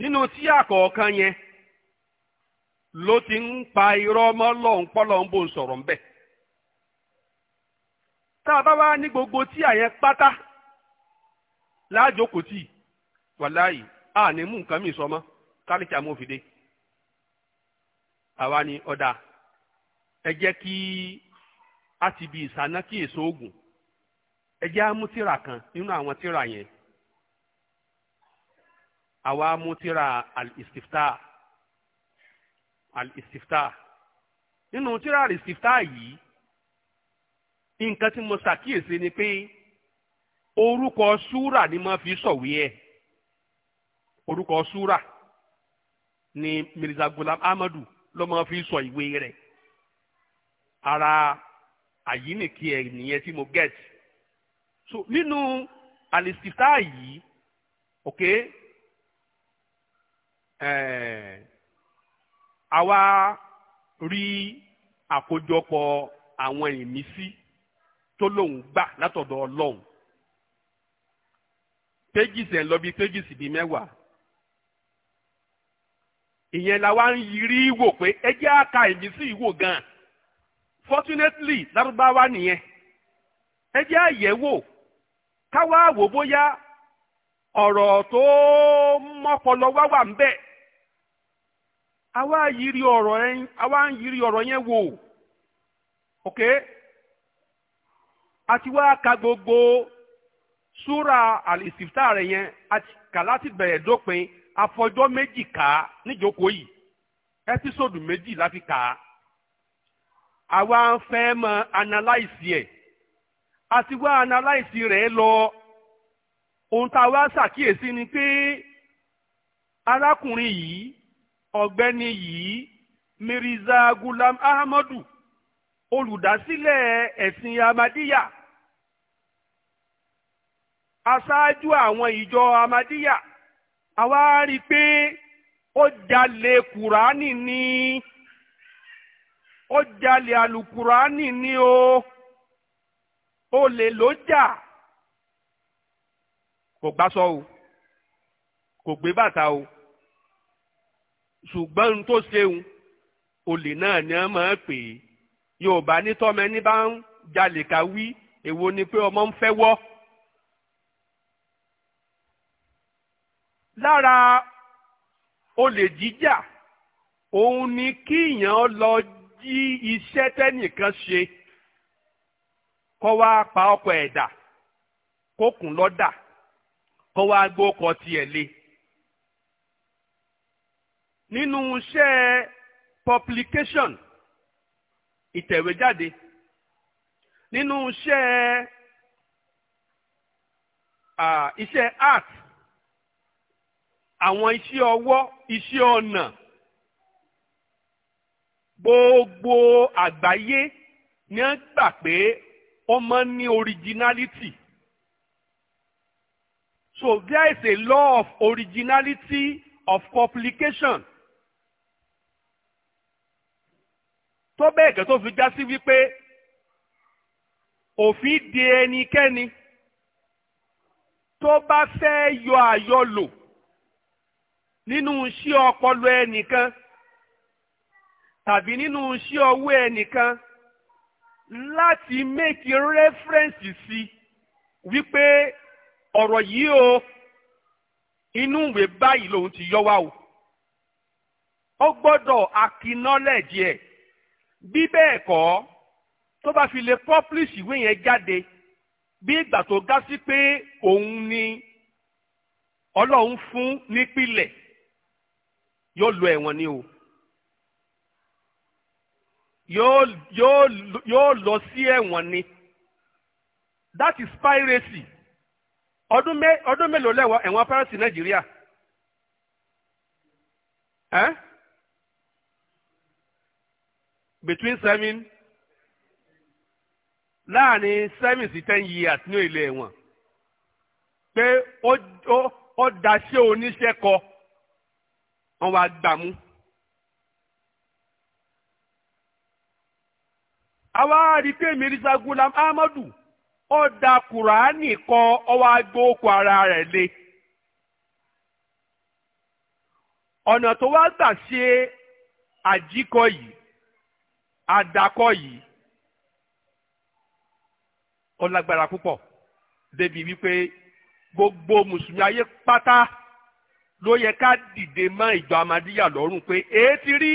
nínú tíyà kọ̀ọ̀kan yẹn ló ti ń pa irọ́ mọ́ lọ́hùn pọ́lọ́ ń bò ń sọ̀rọ̀ ń bẹ̀. tá a bá wá ní gbogbo tí yẹn pátá láàjókòó tì wàláyì a ní mú nǹkan mìíràn sọmọ kálíkì amófìdé àwa ni ọ̀dà ẹ jẹ́ kí a ti bi ìsáná kí èso oògùn ẹ jẹ́ amútìrà kan nínú àwọn tìrà yẹn àwa mú tíra al-istifta al-istifta nínú tíra al-istifta yìí nǹkan tí mo ṣàkíyèsí ni pé orúkọ súrà ni mo fi sọ̀wé ẹ̀ orúkọ súrà ni Mirza Ghulam Ahmadu ló máa fi sọ ìwé rẹ̀ ara àyínìkí ẹ̀ nìyẹn tí mo get so nínú al-istifta yìí okay Eh, àwa rí àkójọpọ̀ àwọn ìmísí tó lòun gbà látọ̀dọ̀ ọlọ́run pages ẹ̀ ń lọ bí pages bíi mẹ́wàá ìyẹn la wá ń yiri wò pé ẹ àka ìmísí gan-an fortunately lárúbáwá nìyẹn ẹ àyẹ̀wò káwá bóyá ọ̀rọ̀ tó mọ́pọlọ wá wà ń bẹ́ẹ̀. awa yiri ọrọ yẹn àwa yiri ọrọ yẹn wò ok àti wá ka gbogbo súra alisifta rẹ yẹn àti kà láti bẹ̀rẹ̀ dópin àfọjọ́ méjì ka n'ijokoi níjókòó yìí ẹ́písòdù méjì la fi kà á àwa ń fẹ́ mọ analyse ẹ̀ àti wá rẹ̀ lọ ohun tá a wá ṣàkíyèsí ni pé arákùnrin yìí ọ̀gbẹ́ni yìí mirza gulam ahmadu olùdásílẹ̀ ẹ̀sìn amadiya aṣáájú àwọn ìjọ amadiya àwa rí i pé ó jalè kùránì ni ó jalè alùkùránì ni o olè ló jà kò gbásọ o kò gbé bàtà o ṣùgbọ́n n tó ṣeun olè náà ni wọ́n máa pè é yorùbá nítọ́mọ ẹni bá ń jalè ká wí èwo ni pé ọmọ ń fẹ́ wọ́. lára olè jíjà òun ni kíyàn lọ jí iṣẹ́ tẹ́nìkan ṣe kó wá pa ọkọ̀ ẹ̀dà kó lọ́dà kó wá gbó tiẹ̀ lé nínú iṣẹ́ publication ìtẹ̀wéjáde nínú iṣẹ́ uh, iṣẹ́ art àwọn iṣẹ́ ọwọ́ iṣẹ́ ọnà gbogbo àgbáyé ni wọ́n gbà pé ó máa ń ní originality so there is a law of originality of publication. tó bẹ́ẹ̀ gẹ́ tó fi já sí wípé òfin di ẹnikẹ́ni tó bá fẹ́ yọ àyọlò nínú iṣẹ́ ọpọlọ ẹnìkan tàbí nínú iṣẹ́ ọwọ́ ẹnìkan láti mékì rẹ́fẹ́rẹ́nsì sí wípé ọ̀rọ̀ yìí o inú ìwé báyìí lòun ti yọ wá o ó gbọ́dọ̀ acknowledge ẹ̀ bí bẹ́ẹ̀ kọ́ tó bá fi lè publish ìwé yẹn jáde bí ìgbà tó gá sí pé òun ni ọlọ́run fún nípìlẹ̀ yóò lo ẹ̀wọ̀n ni o yóò lọ sí ẹ̀wọ̀n ni that is piracy ọdún mẹ ọdún mélòó lẹ́wọ̀n ẹ̀wọ̀n piracy Nàìjíríà. Eh? between seven láàrin seven sí ten years ní ilé ẹ̀wọ̀n pé ó ó ó daṣẹ́ oníṣẹ́ kọ wọ́n wá gbàmú. àwa rí pé gulam amadu ó da kùránì kọ ọwọ́ agbóòkù ara rẹ̀ lé. ọ̀nà tó wá gbà ṣe àjíkọ yìí àdàkọ yìí ó lágbára púpọ̀ débi wípé gbogbo mùsùlùmí ayé pátá ló yẹ ká dìde mọ́ ìjọ amadíyà lọ́rùn pé èé ti rí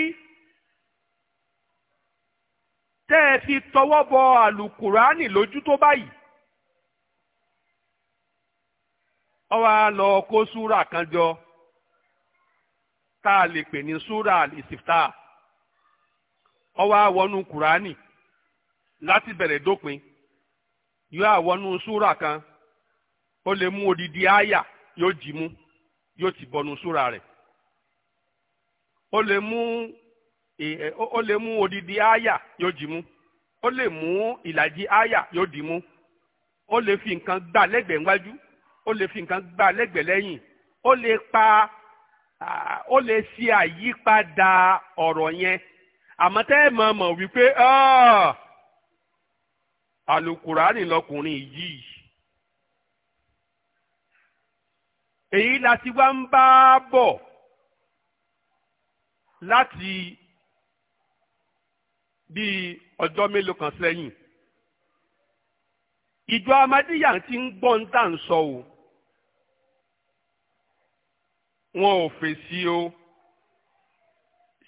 tẹ́ ẹ fi tọwọ́ bọ àlùkùránì lójú tó báyìí. ó wá lọ kó súrà kan jọ tá a lè pè ní súrà ìsìftà ó wá wọnú kùránì láti bẹ̀rẹ̀ dópin yóò àwọnú súrà kan ó lè mú odidi àyà yóò jí mú yóò ti bọnu súrà rẹ̀ ó lè mú ó lè mú odidi àyà yóò jí mú ó lè mú ìlàjì àyà yóò dì mú ó lè fi nǹkan gbà lẹ́gbẹ̀ẹ́ níwájú ó lè fi nǹkan gbà lẹ́gbẹ̀ẹ́ lẹ́yìn ó lè pa ó lè ṣe àyípadà ọ̀rọ̀ yẹn àmọ́ tẹ́ ẹ mọ̀ mọ̀ wípé àlùkùránì lọkùnrin yìí èyí láti wá ń bá bọ̀ láti bíi ọjọ́ mélòó kan sẹ́yìn ìjọ amadíyà ti ń gbọ́ tà ń sọ o wọn ò fèsì o.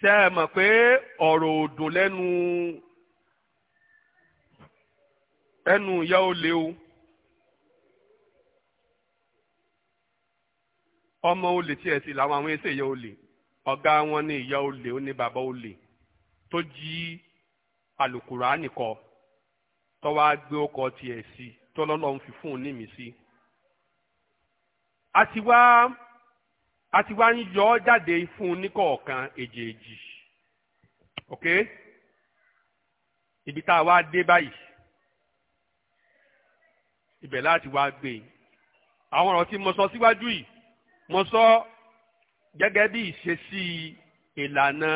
ṣe é mọ̀ pé ọ̀rọ̀ òdùn lẹ́nu ẹnu ìyá ó lé o ọmọ olè tí ẹ sì làwọn àwọn ẹsẹ ìyá olè ọ̀gá wọn ní ìyá olè ó ní bàbá olè tó jí alukurani kọ tó wá gbé ọkọ tiẹ̀ sí tó lọ́lọ́run fi fún un ní mi a ti wá. a ti wá ń yọ ọ́ jáde fún un níkọ̀ọ̀kan èjèèjì ok ibi tá a wá dé báyìí ibẹ̀ láti wá gbé e àwọn ọ̀rọ̀ tí mo sọ síwájú yìí mo sọ gẹ́gẹ́ bí ìṣesí ìlànà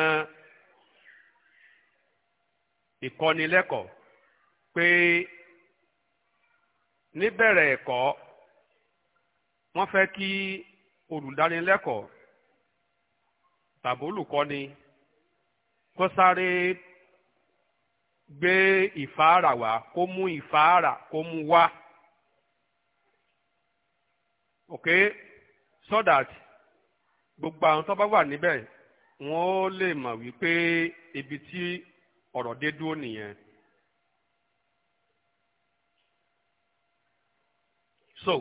ìkọ́nilẹ́kọ̀ọ́ pé níbẹ̀rẹ̀ ẹ̀kọ́ wọ́n fẹ́ kí olùdánilẹ́kọ̀ọ́ tàbí olùkọ́ni kó sáré gbé ìfáàrà wá kó mú ìfáàrà kó mú wá ok so that gbogbo àwọn tó bá wà níbẹ̀ wọ́n lè mọ̀ wípé ibi tí ọ̀rọ̀ dé dúró nìyẹn. so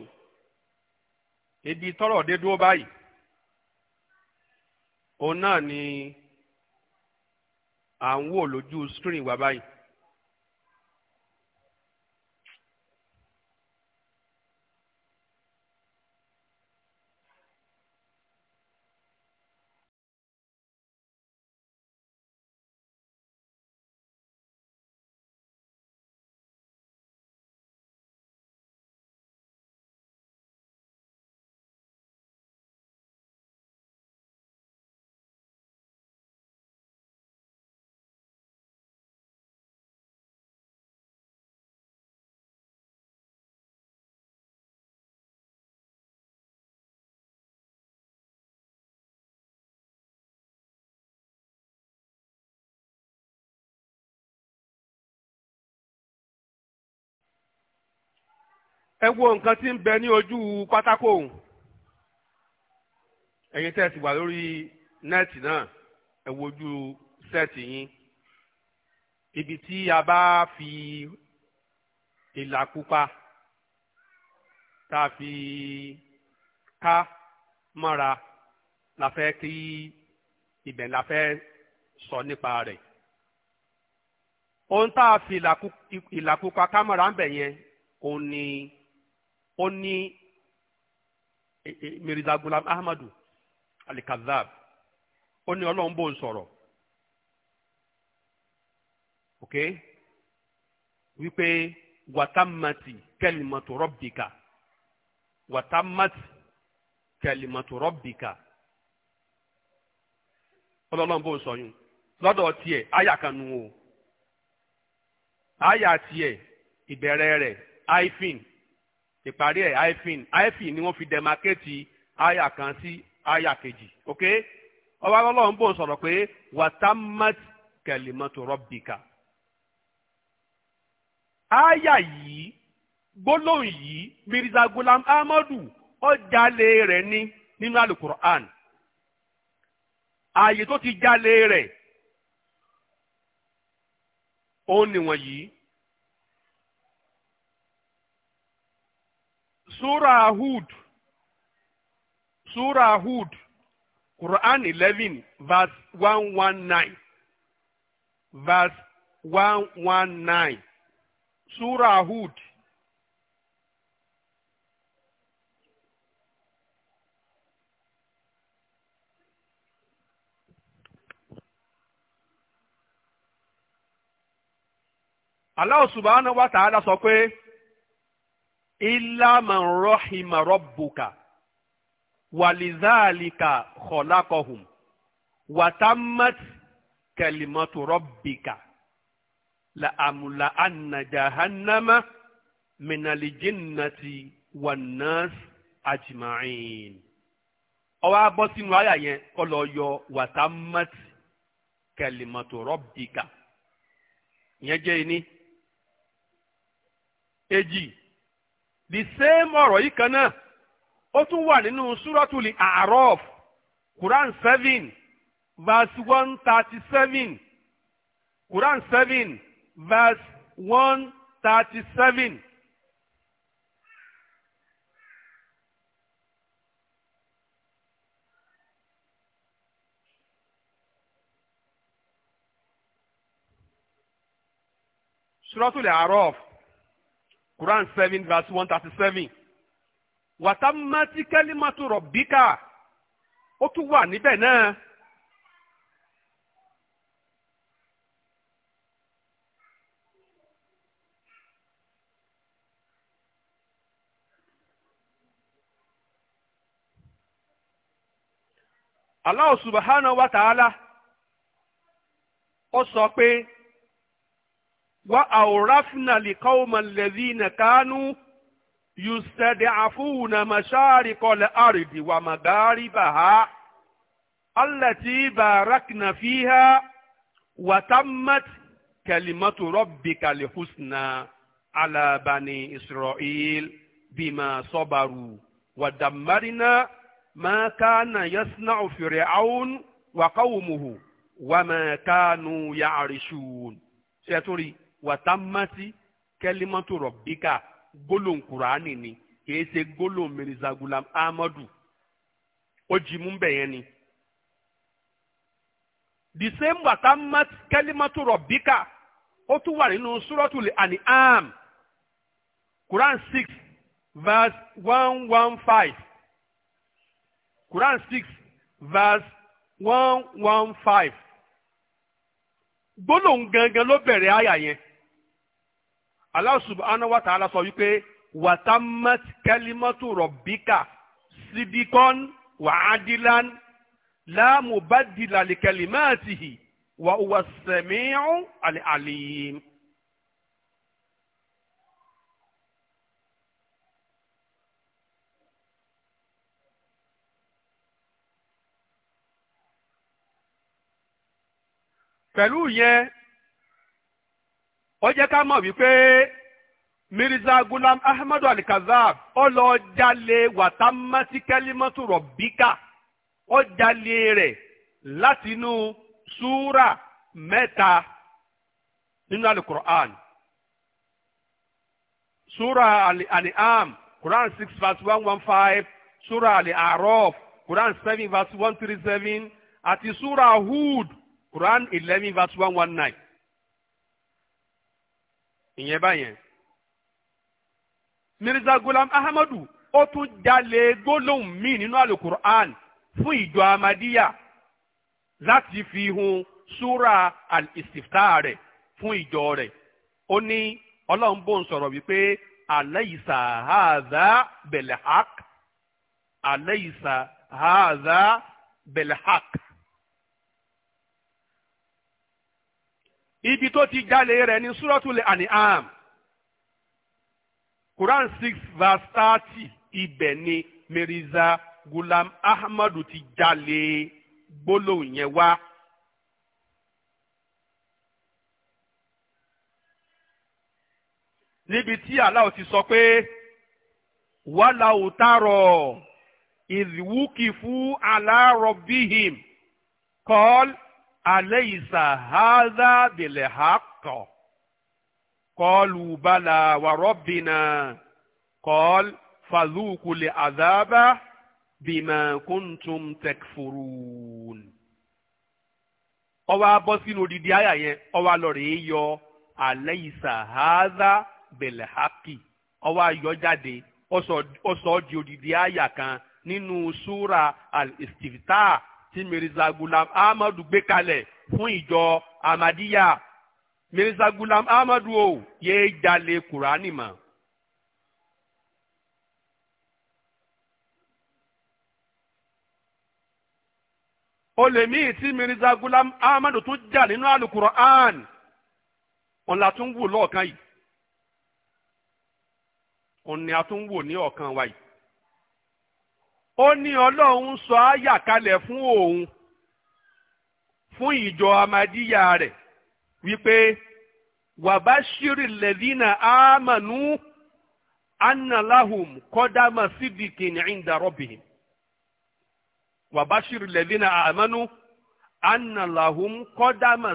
ibi tọ́rọ̀ dé dúró báyìí òun náà ni à ń wò lójú screen wa báyìí. ẹ wo nǹkan tí ń bẹ ní ojú pátákó òun ẹ̀yin tẹ́ ẹ sì wà lórí nẹ́ẹ̀tì náà ẹ wo ojú sẹ́ẹ̀tì yín ibi tí a bá fi ìlà pupa tá a fi ká mọ́ra la fẹ́ kí ibẹ̀ la fẹ́ sọ nípa rẹ̀ ohun tá a fi ìlà pupa ká mọ́ra ń bẹ̀ yẹn òun ni. ó ní e, e, mirza gulam ahmadu alikazab ó ní ọlọ́run bò ń sọ̀rọ̀ ok wípé wàtámàtì kẹlìmọ̀tò rọ́bìkà wàtámàtì kẹlìmọ̀tò rọ́bìkà ọlọ́run bò ń sọ̀yún lọ́dọ̀ tiẹ̀ àyà kan nu o àyà tiẹ̀ ìbẹ̀rẹ̀ rẹ̀ hyphen ìparí ẹ̀ hyphen hyphen ni wọ́n fi dẹ́màkéètì àyà kan sí àyà kejì ok ọba ọlọ́run bò ń sọ̀rọ̀ pé wàtámàt kalimatu rabbika àyà yìí gbólóhùn yìí mirza gulam amadu ó jalè rẹ̀ ní nínú alukur'an ààyè tó ti jalè rẹ̀ ó níwọ̀n yìí. Surah Hud, Surah Hud, Quran 11, verse 119. Verse 119. Surah Hud. Allah subhanahu wa ta'ala sọ pé illa man rahima rabbuka walidhalika khalaqahum watammat kalimatu rabbika la amula anna jahannama minali jinnati wannas ajma'in. ó wá bọ́ sínú àyà yẹn ó lọ yọ watammat kalimatu rabbika ìyẹn jẹ́ ìní. èjì the same ọ̀rọ̀ yìí kan náà ó tún wà nínú quran seven verse one thirty seven quran seven verse one Quran 7 verse 137. thirty seven wàtámátí kẹ́límátù rọ̀bíkà ó tún wà níbẹ̀ Allah subhanahu wa ta'ala O sọ pé وأورثنا لقوم الذين كانوا يستضعفون مشارق الأرض ومغاربها التي باركنا فيها وتمت كلمة ربك الحسنى على بني إسرائيل بما صبروا ودمرنا ما كان يصنع فرعون وقومه وما كانوا يعرشون سيتري wàtámátì kẹlímọ́tò rọ̀bíkà gbólóhùn kùránì ni kìí ṣe gbólóhùn mirza gulam ahmadu ó ni. the same wàtámátì kẹlímọ́tò rọ̀bíkà ó tún wà nínú ani am quran six verse one one five quran six verse one one five gbólóhùn gangan ló bẹ̀rẹ̀ àyà yẹn. Allah subhanahu wa ta'ala sọ wípé wàtámẹ́t kalimatu rabbika sidikon wa adilan la mubaddila li kalimatihi wa huwa as àlẹ́ al-alim. pẹ̀lú yẹn ó jẹ́ ká mọ̀ wípé mirza gulam ahmadu alikazab ó lọ jalè wàtámátíkẹ́límọ́tò rọ̀bíkà ó jalè rẹ̀ látinú súrà mẹ́ta nínú alukur'an súrà al-an'am quran six verse one one five súrà al-araf quran seven verse one three seven àti súrà hud quran eleven verse one one nine ìyẹn báyẹn mirza gulam ahmadu ó tún jalè gbólóhùn míì nínú alukur'an fún ìjọ amadiya láti fi hun súra al-istifta rẹ̀ fún ìjọ rẹ̀ ó ní ọlọ́run bó ń sọ̀rọ̀ wípé alaysa haza belhaq alaysa haza belhaq. ibi tó ti jalè rẹ̀ ní suratul an'am quran six verse thirty ibẹ̀ ni mirza gulam ahmadu ti jalè gbólóhùn yẹn wá. níbi tí Allah ti sọ pé wàhálà ò tààrọ̀ ìwúkì fún ala rabbihim kọ́ọ́lù alaysa hadha bilhaqq qalu bala wa rabbina qal fadhuqu al'adhaba bima kuntum takfurun ó wá bọ́ sínú odidi àyà yẹn ó wá lọ rèé yọ alaysa hadha bilhaqq yọ jáde ó di odidi àyà kan nínú súra al tí mirza gulam ahmadu gbé kalẹ̀ fún ìjọ amadiya mirza gulam ahmadu o yéé jalè kùránì ma. olè míì tí mirza gulam ahmadu tún jà nínú alukur'an ọ̀la tún wò lọ́ọ̀kan yìí òun ni a tún wò ní ọ̀kan wa yìí. ó ní ọlọ́run sọ áyà kalẹ̀ fún òun fún ìjọ amadíyà rẹ̀ wípé wabashiri lẹ́dínà ámànú annalahum kọ́dámà sídìkìn inda rabbihim wàbáṣírì lẹ́dínà annalahum kọ́dámà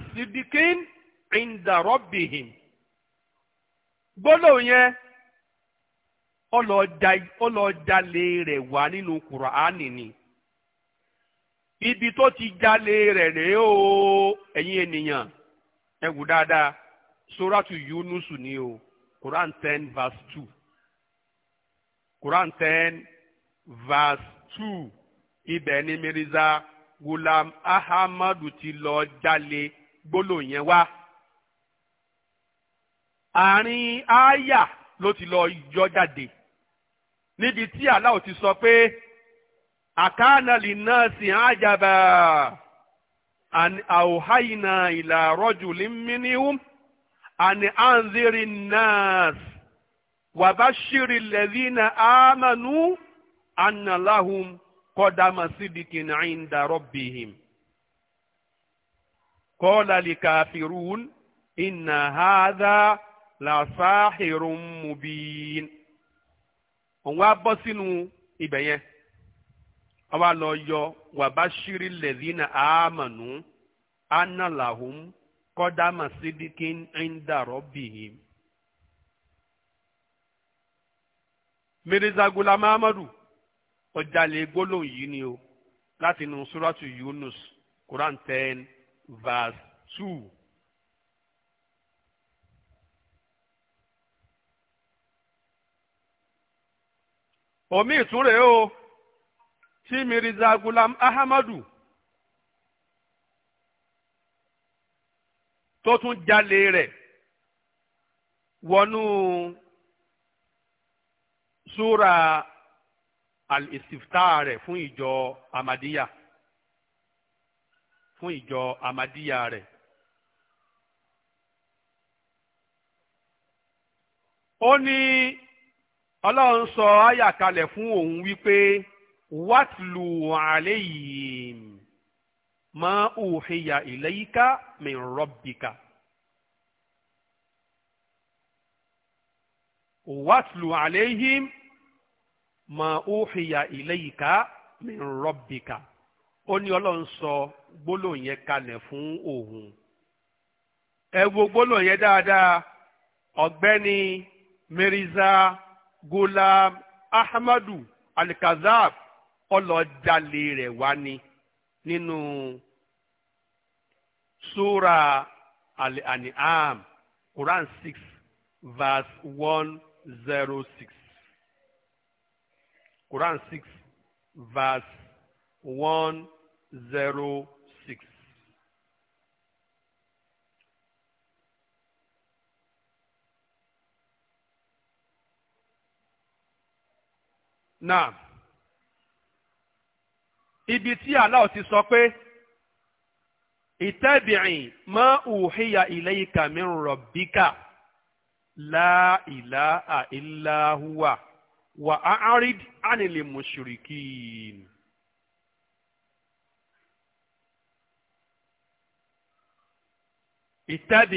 inda rabbihim yẹn ọlọ́ọ̀jalè rẹ̀ wá nínú kùránì ni ibi tó ti jalè rẹ̀ rèé o ẹ̀yin ènìyàn ẹ wù dáadáa tu yunusu ni o quran ten verse two quran ten verse two ibẹ̀ ni mirza gulam ahamadu ti lọ jalè gbólò yẹn wá àárín àáyà ló ti lọ yọ jáde níbi tí Allah ti sọ pé àkáànà lè náà sì á jàbá àwòháyìnà ìlà rajulin minhum àní anziri nas wàbáṣírí lẹ́dínà ámánú anna lahum qadama sidikin inda rabbihim. qala likafirun inna hadha la sahirun mubin. òun wá bọ́ sínú ibẹ̀ yẹn wọ́n wá lọ yọ wàbáṣírí lẹ́dínà àmọ̀nù ánàlàhùn kọ́dámà sídìkín ẹ̀ńdàrọ́ bìhìm. mirza gulam amadu ọ̀jàlè gbólóhùn yìí ni o láti inú súrátù yunus quran ten 2 omi ìtúrẹ́ o tí mirza gulam ahmadu tó tún jalè rẹ̀ wọnú súra al-istifta fún ìjọ amadiya fún ìjọ amadiya rẹ̀. ó ní ọlọ́run sọ àyà kalẹ̀ fún òun wípé wàtìlù àléyìn ma uhiya ilayka min rabbika. wàtìlù àléyìn ma uhiya ilayka min rabbika. ó ní ọlọ́run sọ gbólóhùn yẹn kalẹ̀ fún òun. ẹ wo gbólóhùn yẹn dáadáa ọ̀gbẹ́ni Mirza gulam ahmadu alikazab ọlọ́jalè rẹ̀ wá ni nínú sura al-an'am quran six verse one zero six quran six verse one zero náà ibi tí Allah ti sọ pé ìtẹ́bìrìn ma uhiya ilayka min rabbika la ilaha illa huwa wa a'rid anil mushrikin. ìtẹ́bìrìn.